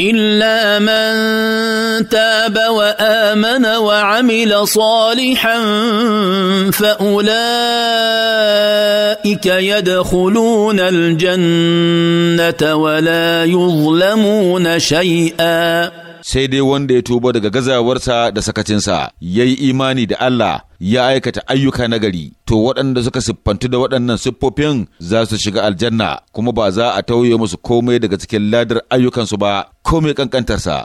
الا من تاب وامن وعمل صالحا فاولئك يدخلون الجنه ولا يظلمون شيئا sai dai wanda ya tuba daga gazawarsa da sakacinsa ya yi imani da Allah ya aikata ayyuka nagari to waɗanda suka siffantu da waɗannan siffofin za su shiga aljanna kuma ba za a tauye musu komai daga cikin ladar ayyukansu ba komai kankantarsa